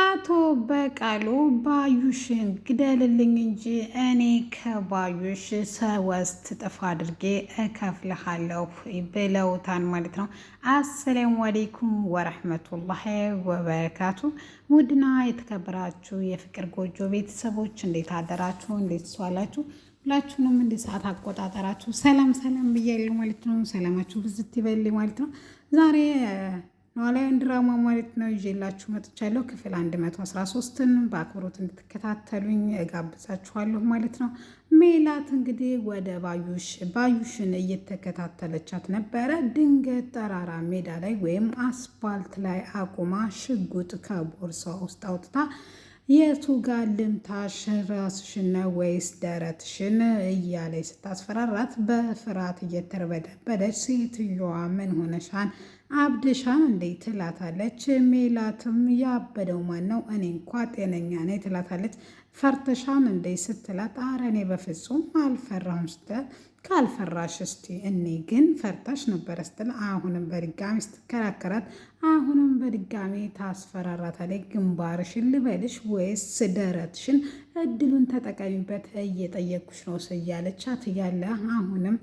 አቶ በቃሉ ባዩሽን ግደልልኝ እንጂ እኔ ከባዩሽ ሰወስት ጥፍ አድርጌ እከፍልሃለሁ ብለውታን ማለት ነው። አሰላሙ አሌይኩም ወረህመቱላሂ ወበረካቱ። ውድና የተከበራችሁ የፍቅር ጎጆ ቤተሰቦች እንዴት አደራችሁ? እንዴት ሷላችሁ? ሁላችሁንም እንደ ሰዓት አቆጣጠራችሁ ሰላም ሰላም ብያለሁ ማለት ነው። ሰላማችሁ ብዝት ይበል ማለት ነው ዛሬ ኖላዊን ድራማ ማለት ነው ይዤላችሁ መጥቻለሁ። ክፍል 113ን በአክብሮት እንድትከታተሉኝ እጋብዛችኋለሁ ማለት ነው። ሜላት እንግዲህ ወደ ባዩሽ ባዩሽን እየተከታተለቻት ነበረ። ድንገት ጠራራ ሜዳ ላይ ወይም አስፋልት ላይ አቁማ ሽጉጥ ከቦርሳ ውስጥ አውጥታ የቱ ጋር ልምታሽ ራስሽን ወይስ ደረትሽን? እያለች ስታስፈራራት በፍርሃት እየተርበደበደች ሴትዮዋ ምን ሆነሻን አብድሻን እንዴ ትላታለች። ሜላትም ያበደው ማን ነው? እኔ እንኳ ጤነኛ ነኝ ትላታለች። ፈርተሻን እንዴ ስትላት፣ አረ እኔ በፍጹም አልፈራሁም ስትላት፣ ካልፈራሽ እስቲ እኔ ግን ፈርታሽ ነበረ ስትል፣ አሁንም በድጋሚ ስትከራከራት፣ አሁንም በድጋሚ ታስፈራራታለች። ግንባርሽን ልበልሽ ወይስ ደረትሽን? እድሉን ተጠቀሚበት እየጠየኩሽ ነው ስያለቻት እያለ አሁንም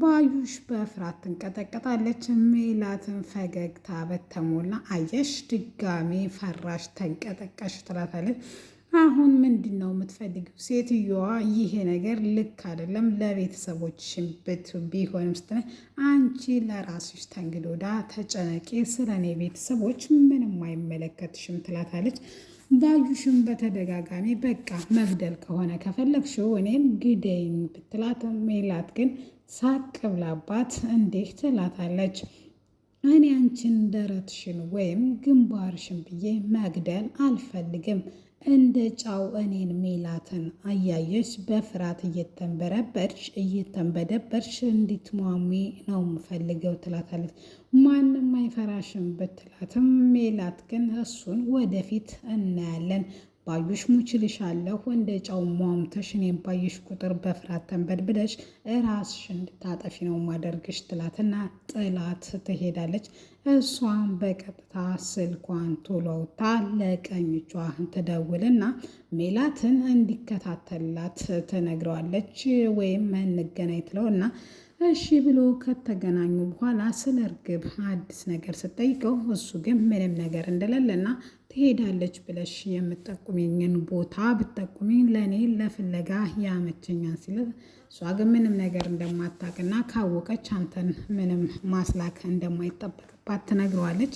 ባዩሽ በፍራት ትንቀጠቀጣለች። ሜላትን ፈገግታ በተሞላ አየሽ፣ ድጋሜ ፈራሽ ተንቀጠቀሽ ትላታለች። አሁን ምንድን ነው የምትፈልጊው? ሴትዮዋ ይሄ ነገር ልክ አይደለም፣ ለቤተሰቦችሽም ቢሆንም ስትነ አንቺ ለራስሽ ተንግዶዳ ተጨነቂ፣ ስለ እኔ ቤተሰቦች ምንም አይመለከትሽም ትላታለች። ባዩሽም በተደጋጋሚ በቃ መግደል ከሆነ ከፈለግሽው እኔን ግደኝ ብትላት ሜላት ግን ሳቅ ብላባት እንዲህ ትላታለች። እኔ አንቺን ደረትሽን ወይም ግንባርሽን ብዬ መግደል አልፈልግም። እንደ ጫው እኔን ሜላትን አያየሽ በፍርሃት እየተንበረበርሽ እየተንበደበርሽ እንድትሟሚ ነው ምፈልገው ትላታለች። ማንም አይፈራሽም ብትላትም ሜላት ግን እሱን ወደፊት እናያለን ባዩሽ ሙችልሻለሁ እንደ ጨው ሟምተሽ እኔም ቁጥር በፍራት ተንበድብለሽ ራስሽ እንድታጠፊ ነው ማደርግሽ ትላትና ጥላት ትሄዳለች። እሷን በቀጥታ ስልኳን ቶሎውታ ለቀኝ ትደውልና ሜላትን እንዲከታተላት ትነግረዋለች። ወይም ትለው እና እሺ ብሎ ከተገናኙ በኋላ ስለ እርግብ አዲስ ነገር ስጠይቀው እሱ ግን ምንም ነገር እንደሌለና ትሄዳለች ብለሽ የምጠቁመኝን ቦታ ብጠቁመኝ ለእኔ ለፍለጋ ያመቸኛል ሲል እሷ ግን ምንም ነገር እንደማታውቅና ካወቀች አንተን ምንም ማስላክ እንደማይጠበቅባት ትነግረዋለች።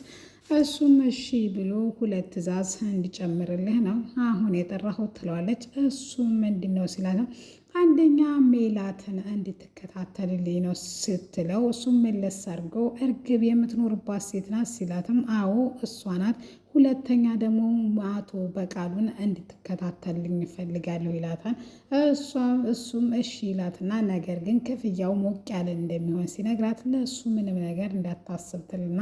እሱም እሺ ብሎ ሁለት ትዕዛዝ እንዲጨምርልህ ነው አሁን የጠራሁት ትለዋለች። እሱም ምንድን ነው ሲላትም አንደኛ ሜላትን እንድትከታተልልኝ ነው ስትለው እሱም መለስ አድርገው እርግብ የምትኖርባት ሴት ናት ሲላትም አዎ እሷ ናት ሁለተኛ ደግሞ አቶ በቃሉን እንድትከታተልኝ እፈልጋለሁ ይላታል። እሱም እሺ ይላትና ነገር ግን ክፍያው ሞቅ ያለ እንደሚሆን ሲነግራት ለእሱ ምንም ነገር እንዳታስብትልና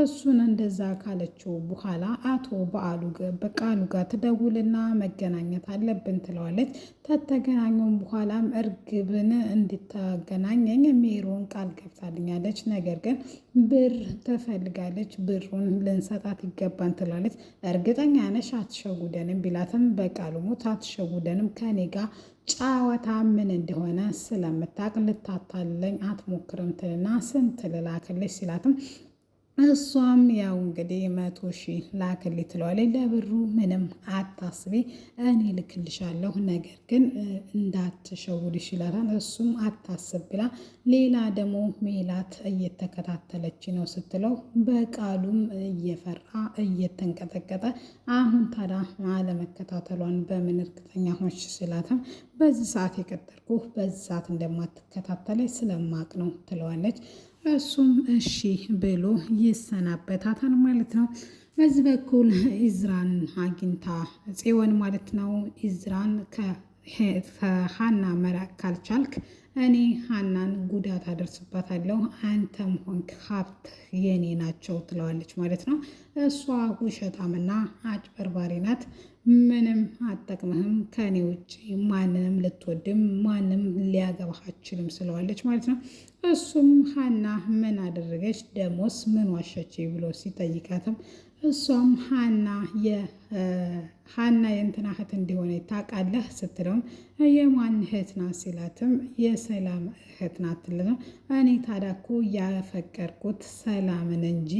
እሱን እንደዛ ካለችው በኋላ አቶ በዓሉ በቃሉ ጋር ትደውልና መገናኘት አለብን ትለዋለች። ከተገናኙም በኋላም እርግብን እንድታገናኘኝ ሜሮን ቃል ገብታልኛለች። ነገር ግን ብር ትፈልጋለች። ብሩን ልንሰጣት ይገባን ትላለች። እርግጠኛ ነሽ አትሸውደንም ቢላትም በቃሉ ሙት አትሸውደንም ከኔ ጋር ጨዋታ ምን እንደሆነ ስለምታቅ ልታታለኝ አትሞክርም ትልና ስንት ልላክልሽ ሲላትም እሷም ያው እንግዲህ መቶ ሺ ላክል ትለዋለች። ለብሩ ምንም አታስቢ፣ እኔ ልክልሻለሁ፣ ነገር ግን እንዳትሸውድ ይችላታል። እሱም አታስብ ብላ ሌላ ደግሞ ሜላት እየተከታተለች ነው ስትለው በቃሉም እየፈራ እየተንቀጠቀጠ አሁን ታዲያ አለመከታተሏን በምን እርግጠኛ ሆንሽ ስላትም በዚህ ሰዓት የቀጠርኩህ በዚህ ሰዓት እንደማትከታተለች ስለማቅ ነው ትለዋለች። እሱም እሺ ብሎ ይሰናበታታል ማለት ነው። በዚህ በኩል ኢዝራን አግኝታ ጽዮን ማለት ነው ኢዝራን ከ ከሀና መራቅ ካልቻልክ እኔ ሀናን ጉዳት አደርስባታለሁ፣ አንተም ሆንክ ሀብት የኔ ናቸው ትለዋለች ማለት ነው። እሷ ውሸታምና አጭበርባሪ ናት። ምንም አጠቅምህም፣ ከኔ ውጭ ማንንም ልትወድም ማንም ሊያገባህ አችልም ስለዋለች ማለት ነው። እሱም ሀና ምን አደረገች ደሞስ ምን ዋሸች ብሎ ሲጠይቃትም እሷም ሀና ሀና የእንትና እህት እንዲሆነ ታውቃለህ ስትለውም የማን እህት ናት ሲላትም የሰላም እህት ናት ነው። እኔ ታዲያ እኮ ያፈቀርኩት ሰላምን እንጂ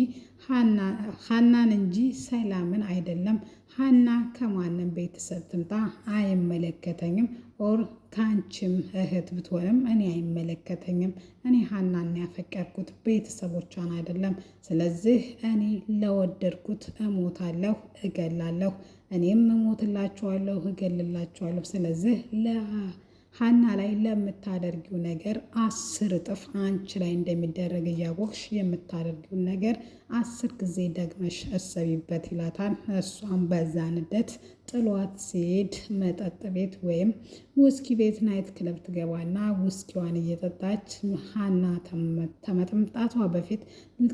ሀናን እንጂ ሰላምን አይደለም። ሀና ከማንም ቤተሰብ ትምጣ አይመለከተኝም ኦር ከአንቺም እህት ብትሆንም እኔ አይመለከተኝም። እኔ ሀናን ያፈቀርኩት ቤተሰቦቿን አይደለም። ስለዚህ እኔ ለወደድኩት እሞታለሁ፣ እገላለሁ። እኔም እሞትላችኋለሁ፣ እገልላችኋለሁ። ስለዚህ ሀና ላይ ለምታደርጊው ነገር አስር እጥፍ አንቺ ላይ እንደሚደረግ እያወቅሽ የምታደርጊው ነገር አስር ጊዜ ደግመሽ እሰቢበት ይላታል። እሷም በዛ ንደት ጥሏት ሲሄድ መጠጥ ቤት ወይም ውስኪ ቤት ናይት ክለብ ትገባና ውስኪዋን እየጠጣች ሀና ከመጠምጣቷ በፊት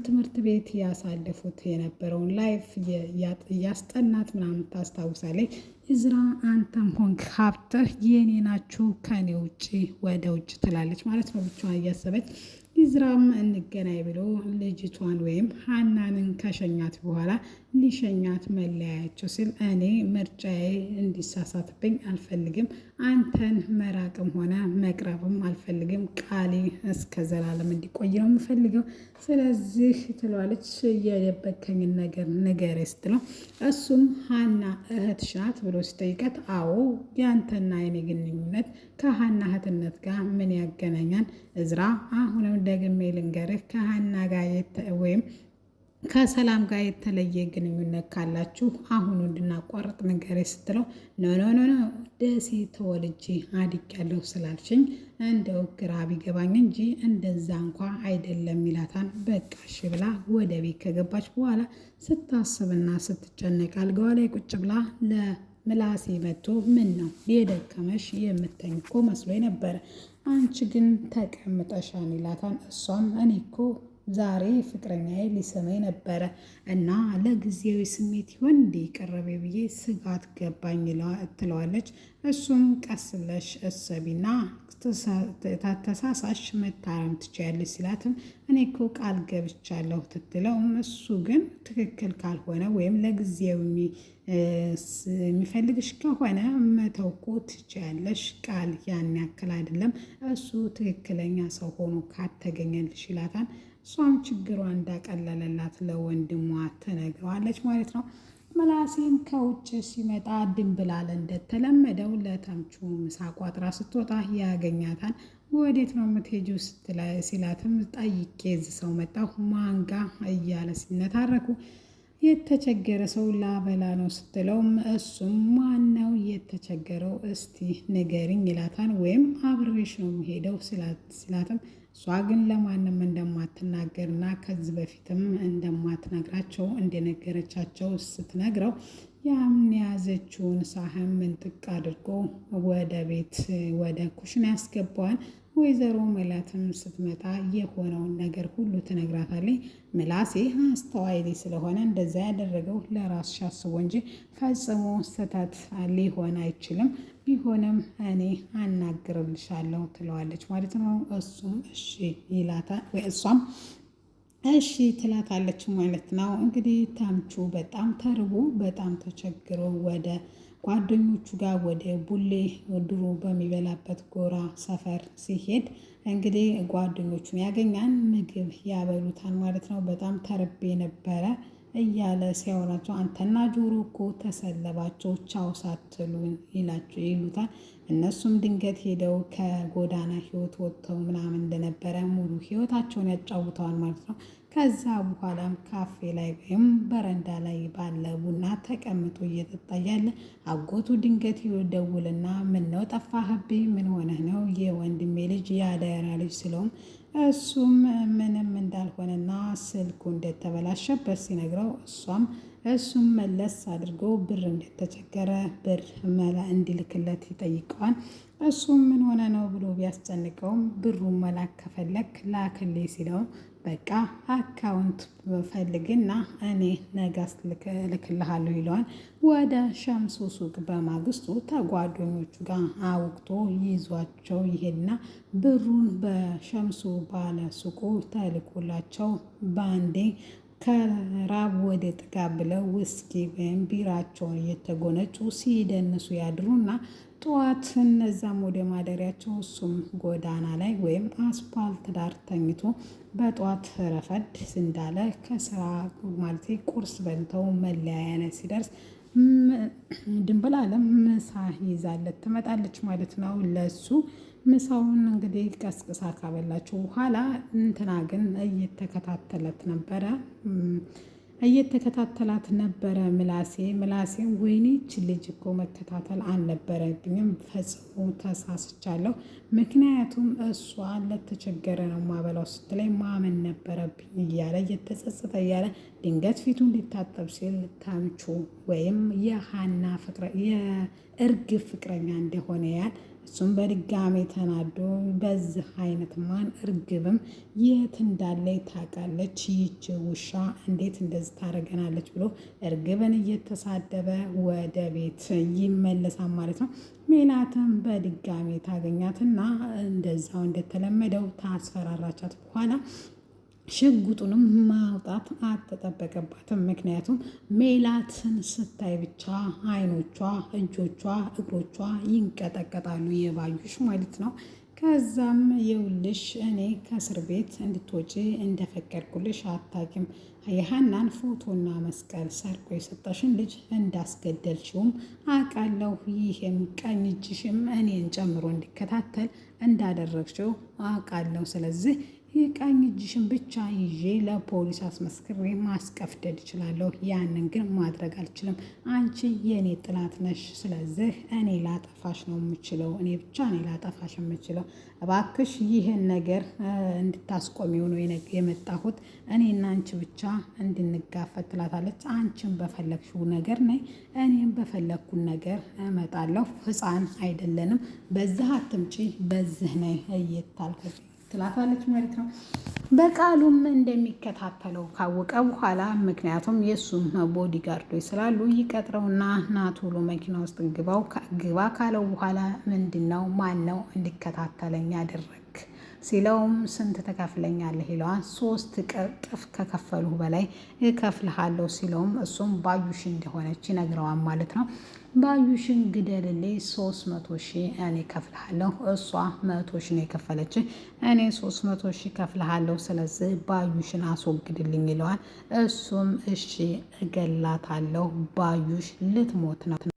ትምህርት ቤት ያሳለፉት የነበረውን ላይፍ እያስጠናት ምናምን ታስታውሳለች። እዝራ አንተም ሆንክ ሀብትህ የኔ ናችሁ ከኔ ውጭ ወደ ውጭ ትላለች ማለት ነው ብቻዋን እያሰበች ኪዝራም እንገናኝ ብሎ ልጅቷን ወይም ሀናንን ከሸኛት በኋላ ሊሸኛት መለያያቸው ሲል እኔ ምርጫዬ እንዲሳሳትብኝ አልፈልግም። አንተን መራቅም ሆነ መቅረብም አልፈልግም። ቃሌ እስከ ዘላለም እንዲቆይ ነው የምፈልገው። ስለዚህ ትለዋለች። የደበከኝን ነገር ንገሬ ስትለው እሱም ሀና እህትሽ ናት ብሎ ሲጠይቀት አዎ ያንተና የኔ ግንኙነት ከሀና እህትነት ጋር ምን ያገናኛል? እዝራ አሁንም ደግሜ ልንገርህ ከሀና ጋር ወይም ከሰላም ጋር የተለየ ግንኙነት ካላችሁ አሁኑ እንድናቋርጥ ንገረኝ ስትለው ኖ ኖ ኖ ኖ ደሴ ተወልጄ አድጌያለሁ ስላልሽኝ እንደው ግራ ቢገባኝ እንጂ እንደዛ እንኳ አይደለም ይላታል። በቃ እሺ ብላ ወደ ቤት ከገባች በኋላ ስታስብና ስትጨነቅ አልጋዋ ላይ ቁጭ ብላ ምላሴ መቶ ምን ነው የደከመሽ የምተኝ እኮ መስሎ ነበረ፣ አንቺ ግን ተቀምጠሻን ይላታል። እሷም እኔ እኮ ዛሬ ፍቅረኛዬ ሊስመኝ ነበረ እና ለጊዜያዊ ስሜት ይሆን እንዴ ቀረበ ብዬ ስጋት ገባኝ ትለዋለች። እሱም ቀስ ብለሽ እሰቢና ተሳሳሽ መታረም ትችያለሽ ሲላትም እኔ እኮ ቃል ገብቻለሁ ትትለውም እሱ ግን ትክክል ካልሆነ ወይም ለጊዜያዊ የሚፈልግሽ ከሆነ መተው እኮ ትችያለሽ፣ ቃል ያን ያክል አይደለም፣ እሱ ትክክለኛ ሰው ሆኖ ካተገኘልሽ ይላታል። እሷም ችግሯ እንዳቀለለላት ለወንድሟ ትነግረዋለች ማለት ነው። መላሴም ከውጭ ሲመጣ ድንብላል እንደተለመደው ለተምቹ ምሳ ቋጥራ ስትወጣ ያገኛታል። ወዴት ነው የምትሄጂው ሲላትም ጠይቄ እዚህ ሰው መጣሁ ማንጋ እያለ ሲነታረኩ የተቸገረ ሰው ላበላ ነው ስትለውም እሱም ማነው የተቸገረው እስቲ ንገሪኝ ይላታን ወይም አብሬሽ ነው የሚሄደው ስላትም እሷ ግን ለማንም እንደማትናገርና ከዚህ በፊትም እንደማትነግራቸው እንደነገረቻቸው ስትነግረው ያም የያዘችውን ሳህን ምንጥቅ አድርጎ ወደ ቤት ወደ ኩሽን ያስገባዋል። ወይዘሮ ሜላትም ስትመጣ የሆነውን ነገር ሁሉ ትነግራታለች። ምላሴ አስተዋይሌ ስለሆነ እንደዛ ያደረገው ለራስሽ አስቦ እንጂ ፈጽሞ ስህተት ሊሆን አይችልም። ቢሆንም እኔ አናግርልሻለሁ ትለዋለች ማለት ነው። እሱም እሺ ይላታል ወይ እሷም እሺ ትላታለች ማለት ነው። እንግዲህ ታምቹ በጣም ተርቦ በጣም ተቸግሮ ወደ ጓደኞቹ ጋር ወደ ቡሌ ድሮ በሚበላበት ጎራ ሰፈር ሲሄድ እንግዲህ ጓደኞቹን ያገኛን ምግብ ያበሉታል ማለት ነው። በጣም ተርቤ ነበረ እያለ ሲያወራቸው አንተና ጆሮ እኮ ተሰለባቸው ቻው ሳትሉ ይላቸው ይሉታል። እነሱም ድንገት ሄደው ከጎዳና ህይወት ወጥተው ምናምን እንደነበረ ሙሉ ህይወታቸውን ያጫውተዋል ማለት ነው። ከዛ በኋላም ካፌ ላይ ወይም በረንዳ ላይ ባለ ቡና ተቀምጦ እየጠጣ ያለ አጎቱ ድንገት ይደውልና ምን ነው ጠፋህብኝ? ምን ሆነህ ነው? የወንድሜ ልጅ ያደራ ልጅ ስለውም እሱም ምንም እንዳልሆነና ስልኩ እንደተበላሸበት ሲነግረው እሷም እሱም መለስ አድርጎ ብር እንደተቸገረ ብር መላ እንዲልክለት ይጠይቀዋል። እሱም ምን ሆነ ነው ብሎ ቢያስጨንቀውም ብሩ መላክ ከፈለክ ላክሌ ሲለው በቃ አካውንት ፈልግና እኔ ነገ ልክልሃለሁ ይለዋል። ወደ ሸምሱ ሱቅ በማግስቱ ተጓደኞቹ ጋር አውቅቶ ይዟቸው ይሄድና ብሩን በሸምሱ ባለ ሱቁ ተልኮላቸው ባንዴ ከራብ ወደ ጥጋ ብለው ውስኪ ወይም ቢራቸውን እየተጎነጩ ሲደንሱ ያድሩና ጠዋት እነዛም ወደ ማደሪያቸው እሱም ጎዳና ላይ ወይም አስፓልት ዳር ተኝቶ በጠዋት ረፈድ እንዳለ ከስራ ማለት ቁርስ በልተው መለያያ ሲደርስ ድንብላለም ምሳ ይዛለት ትመጣለች ማለት ነው ለሱ ምሳውን እንግዲህ ቀስቅሳ ካበላችሁ በኋላ እንትና ግን እየተከታተላት ነበረ እየተከታተላት ነበረ ምላሴ ምላሴ ወይኔች ልጅ እኮ መከታተል አልነበረብኝም፣ ፈጽሞ ተሳስቻለሁ። ምክንያቱም እሷ ለተቸገረ ነው ማበላው ስትለኝ ማመን ነበረብኝ እያለ እየተጸጸተ እያለ ድንገት ፊቱን ሊታጠብ ሲል ታምቹ ወይም የሀና የእርግብ ፍቅረኛ እንደሆነ ያል እሱም በድጋሜ ተናዶ በዚህ አይነት ማን እርግብም የት እንዳለ ታውቃለች፣ ይች ውሻ እንዴት እንደዚህ ታደርገናለች ብሎ እርግብን እየተሳደበ ወደ ቤት ይመለሳል ማለት ነው። ሜላትም በድጋሚ ታገኛትና እንደዛው እንደተለመደው ታስፈራራቻት በኋላ ሽጉጡንም ማውጣት አልተጠበቀባትም። ምክንያቱም ሜላትን ስታይ ብቻ አይኖቿ፣ እጆቿ፣ እግሮቿ ይንቀጠቀጣሉ የባዩሽ ማለት ነው። ከዛም የውልሽ እኔ ከእስር ቤት እንድትወጪ እንደፈቀድኩልሽ አታውቂም። የሀናን ፎቶና መስቀል ሰርቆ የሰጠሽን ልጅ እንዳስገደልሽውም አውቃለሁ። ይህም ቀኝ እጅሽም እኔን ጨምሮ እንዲከታተል እንዳደረግሽው አውቃለሁ። ስለዚህ የቀኝ እጅሽን ብቻ ይዤ ለፖሊስ አስመስክሬ ማስቀፍደድ እችላለሁ። ያንን ግን ማድረግ አልችልም። አንቺ የእኔ ጥላት ነሽ። ስለዚህ እኔ ላጠፋሽ ነው የምችለው። እኔ ብቻ እኔ ላጠፋሽ የምችለው። እባክሽ ይህን ነገር እንድታስቆሚው ነው የመጣሁት። እኔና አንቺ ብቻ እንድንጋፈት ትላታለች። አንቺን በፈለግሽው ነገር ነይ፣ እኔም በፈለግኩን ነገር እመጣለሁ። ህፃን አይደለንም። በዚህ አትምጪ፣ በዚህ ነይ እየታልከች ትላታለች ማለት ነው። በቃሉም እንደሚከታተለው ካወቀ በኋላ ምክንያቱም የእሱም ቦዲ ጋርዶች ስላሉ ይቀጥረውና ና ቶሎ መኪና ውስጥ ግባ ካለው በኋላ ምንድን ነው ማን ነው እንዲከታተለኝ ያደረገ ሲለውም ስንት ተከፍለኛለህ ይለዋል። ሶስት እጥፍ ከከፈሉ በላይ እከፍልሃለሁ ሲለውም እሱም ባዩሽ እንደሆነች ይነግረዋል ማለት ነው። ባዩሽን ግደልልኝ ሶስት መቶ ሺ እኔ ከፍልሃለሁ። እሷ መቶ ሺ ነው የከፈለች፣ እኔ ሶስት መቶ ሺ ከፍልሃለሁ። ስለዚህ ባዩሽን አስወግድልኝ ይለዋል። እሱም እሺ እገላታለሁ፣ ባዩሽ ልትሞት ነው።